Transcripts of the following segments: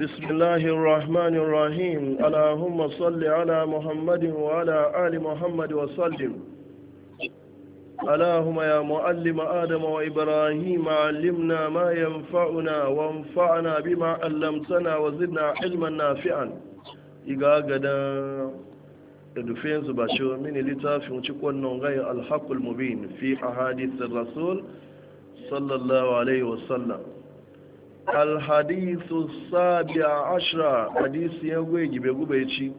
بسم الله الرحمن الرحيم اللهم صل على محمد وعلى آل محمد وسلم اللهم يا معلم آدم وإبراهيم علمنا ما ينفعنا وانفعنا بما علمتنا وزدنا علما نافعا إغاغدا دفين زباشو من لتافي وشكوان نغير الحق المبين في أحاديث الرسول صلى الله عليه وسلم alhadithu sabi'a ashra hadisi ya gwe gibe gube ci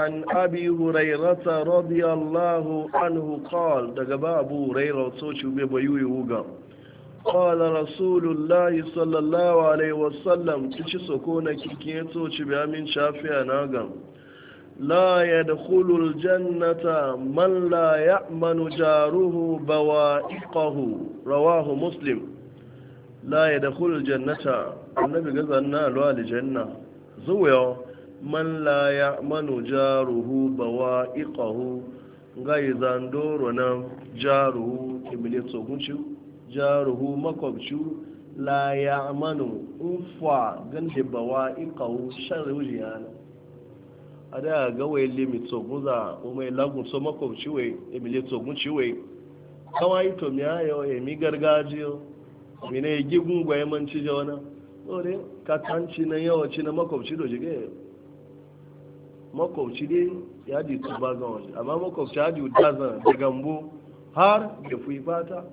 an abi hurairata radiyallahu anhu qal daga ba abu hurairata so ci ube bayuyi wuga قال رسول الله صلى الله عليه وسلم تشي سكونا كي تشي بامين شافيا ناغم لا يدخل الجنة من لا يأمن جاره بوائقه رواه مسلم la ya da kulul jannata annabi ga zanna alwa aljanna zuwa man la ya manu jaruhu bawa iqahu ga yi zandoro na jaruhu kimile tsogunci jaruhu makwabci la ya manu ufa gande bawa iqahu ya na. a da ya ga wai limi tsogun za umai lagun so makwabci wai emile tsogunci wai kawai to miya yau emi gargajiyo mina ya gi gungwa ya manci ja wani ɗore ka na yawanci na makwabci da jige makwabci dai ya di tuba zan waje amma makwabci ya di da zan da gambo har da fi fata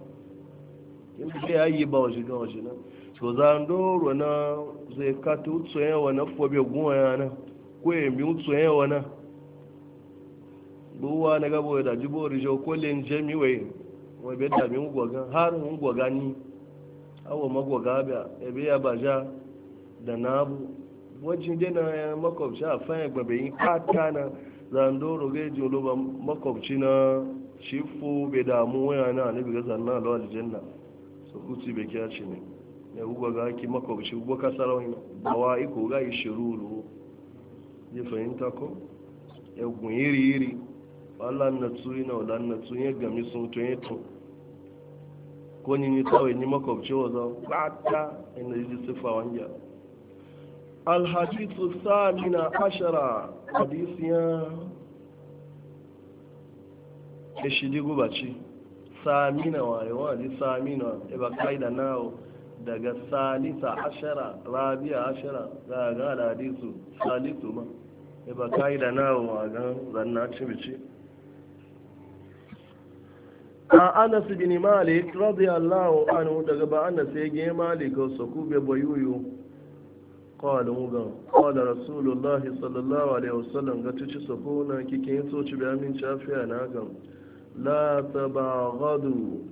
yin da ya yi ba waje ga waje na to za doro na zai kata utsu yawa na fobe goma yana ko ya mi utsu yawa na buwa na gabo da jibo rijo kolin jami'ai wai bai dami ugwagan har ugwagani awa magwaga abịa ebe ya baja da nabu wajen dina ya makwabci a fayin gbabe yi fata na zandoro ga ji jolo makwabci na shifo bai damu waya na anabi ga zanna lawa da su bai kya ci ne ya gugwa ga haki makwabci gugwa kasar wani bawa iko ga yi shiruru ya fahimta ko ya gun iri iri wala na tsuyi na wala na ya gami ko ni ni kawai ni makwabci wazan kwata inda yi sifa wanja alhadisu samina ashara hadisiyan ya shidi gubaci samina wayewa ji samina iba kaida nawo daga salisa ashara rabia ashara daga hadisu salisu ma iba kaida nawo a gan zanna cibici an anas bin malik radiyallahu anhu daga ba anas ya ge malik su be bayuyu qala muga qala rasulullah sallallahu alaihi wasallam ga tuci na kike yin soci bi amin shafiya na ga la tabaghadu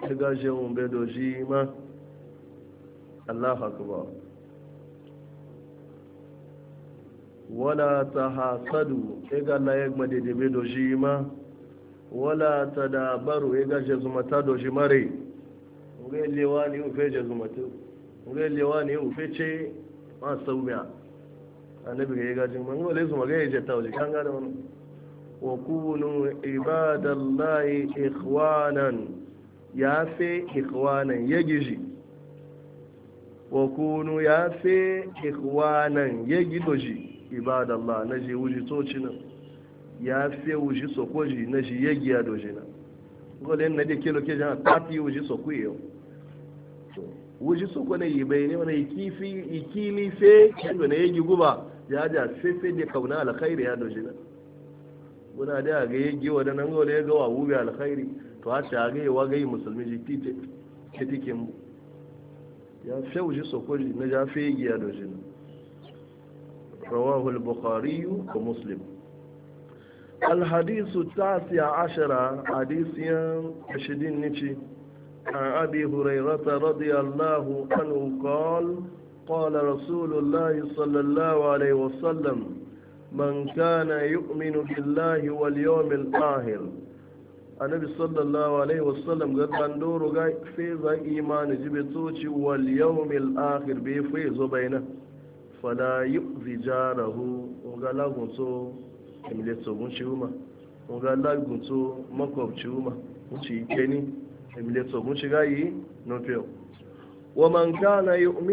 daga be doji ma allah akbar wala tahasadu daga la yagma de doji ma. wala ta dabaru ya ga jazumata doshi mare ngelewa ne ufe jazumata ngelewa ne ufe ce masu miya annabi ga ya gaji man wale su ya ta waje kan wani ya fe ikhwanan ya gishi wa kunu ya fe ikhwanan ya gidoshi ibadallah na je wuji tocinan ya fe wuji sokoji na shi ya giya doji na gole na da kelo ke ta fi wuji soko yau wuji soko na yi bai ne wani ikifi ikili fe kendo na yagi guba ya ja fefe da kauna alkhairi ya doji na muna da ga yagi wadannan gole ya ga wa wube alkhairi to a ce a ga wa ga yi musulmi ji titikin mu ya fe wuji sokoji na ja fe ya doji na رواه ko muslim الحديث التاسع عشر حديثيا عشرين نتي عن أبي هريرة رضي الله عنه قال قال رسول الله صلى الله عليه وسلم من كان يؤمن بالله واليوم الآخر النبي صلى الله عليه وسلم قال من دور فيض إيمان جبتوت واليوم الآخر بفيض بينه فلا يؤذي جاره وقال لهم emile sogun ciwuma nga lagun to makwab ciwuma wuce ikeni emile sogun shiga yi wa man